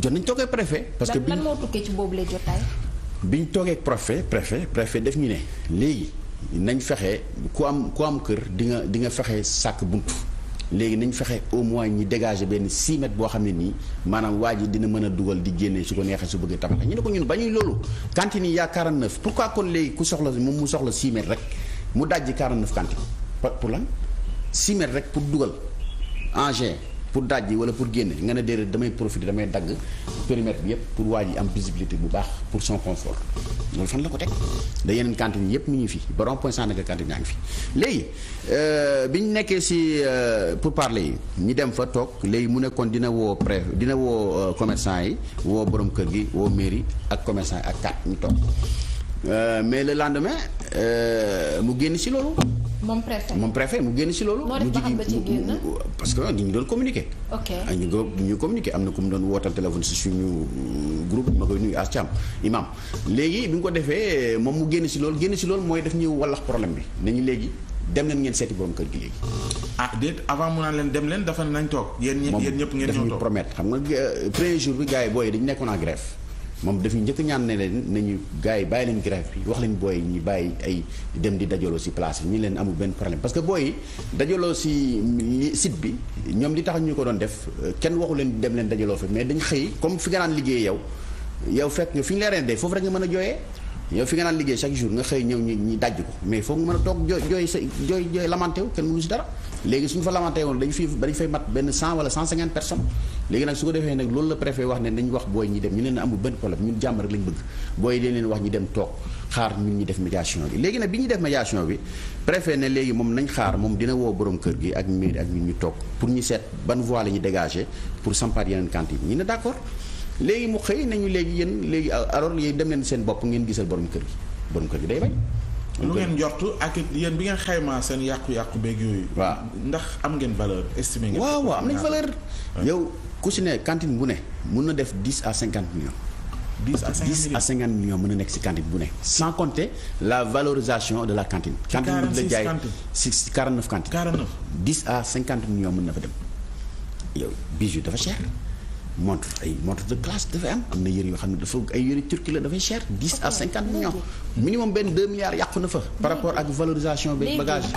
jot nañ toogee préfet. parce que lan moo tukkee boobu lay bi ñu toogee préfet préfet préfet def ñu ne léegi nañ fexe ku am ku am kër di nga di nga fexe sàkk bunt léegi nañ fexe au moins ñi dégager benn 6 boo xam ne nii maanaam waa ji dina mën a dugal di génne su ko neexee su bëggee tabax ñu ne ko ñun bañuy loolu cantine yi yaa 49 pourquoi kon léegi ku soxla moom mu soxla 6 rek mu dajji 49 cantine pour lan 6 mètres rek pour dugal engin. pour dajji wala pour génne nga ne déedéet damay profiter damay dagg périmètre bi yëpp pour waa ji am visibilité bu baax pour son confort loolu fan la ko teg da yeneen cantine yëpp mu ngi fi ba rond point Sandaga cantine yaa ngi fi léegi euh, bi ñu nekkee si euh, pour parler yi ñi dem fa toog léegi mu nekkoon dina woo pré dina woo euh, commerçant yi woo borom kër gi woo mairie ak commerçant yi ak kat ñu toog Euh, mais le lendemain euh, mu génn ci loolu. moom préfet moom préfet mu génn ci loolu. mu jigi parce que ñu doon communiqué. ok ah, ñu doon ñu communiqué am na ku mu doon wootal téléphone ci suñu mm, groupe ma koy nuyu Artiam imam léegi bi nga ko defee moom mu génn ci loolu génn ci loolu mooy def ñuy wallax problème bi nañu léegi dem leen ngeen seeti borom kër gi léegi. ah déet avant mu naan leen dem leen dafa nañ toog. yéen ñëpp yéen ñëpp ngeen ñoo toog moom daf ñu promettre xam nga euh, premier jour bi gars booy dañu nekkoon en moom dafa njëkk ñaan ne leen nañu gars yi bàyyi leen grève bi wax leen booy ñu bàyyi ay dem di dajaloo si place yi ñu leen amul benn problème parce que booy dajaloo si site bi ñoom li tax ñu ko doon def euh, kenn waxu leen dem leen dajaloo fi mais dañ xëy comme fi nga naan liggéey yow yow fekk nga fi ñu leeree dee foofu rek nga mën a jooyee yow fi nga naan liggéey chaque jour nga xëy ñëw ñu ñu dajj ko mais foog nga mën a toog jooy jooy sa jooy jooy lamenté si dara léegi suñu fa lamenté woon dañu fi dañu fay mat benn cent wala cent cinquante personnes léegi nag su ko defee nag loolu la préfet wax ne nañ wax booy ñi dem ñu leen amul benn problème ñun jàmm rek lañ bëgg booy leen leen wax ñi dem toog xaar ñun def médiation bi léegi nag bi ñuy def médiation bi préfet ne léegi moom nañ xaar moom dina woo borom kër gi ak miir ak ñun ñu toog pour ñu seet ban voie la ñu dégagé pour sampaat yeneen cantine ñu ne d'accord léegi mu xëy nañu léegi yéen léegi alors yéen dem leen seen bopp ngeen gisal borom kër gi borom kër gi day bañ. lu ngeen njortu ak yéen bi ngeen xaymaa seen yàqu-yàqu beeg yooyu. waaw ndax am ngeen valeur estimé ngeen. waaw waaw am nañ valeur. yow ku si ne cantine bu ne mun na def dix à cinquante millions. dix à cinquante millions dix à cinquante millions na nekk si cantine bu ne. sans compter la valorisation de la la jaay si quarante neuf cantine. quarante à cinquante millions mën na fa dem yow montre ay montre de classe dafay am am na yëre yoo xam ne dafa ay yëre turki la dafay cher dix à cinquante millions minimum benn deux milliards yàqu na fa par rapport ak valorisation bi bagage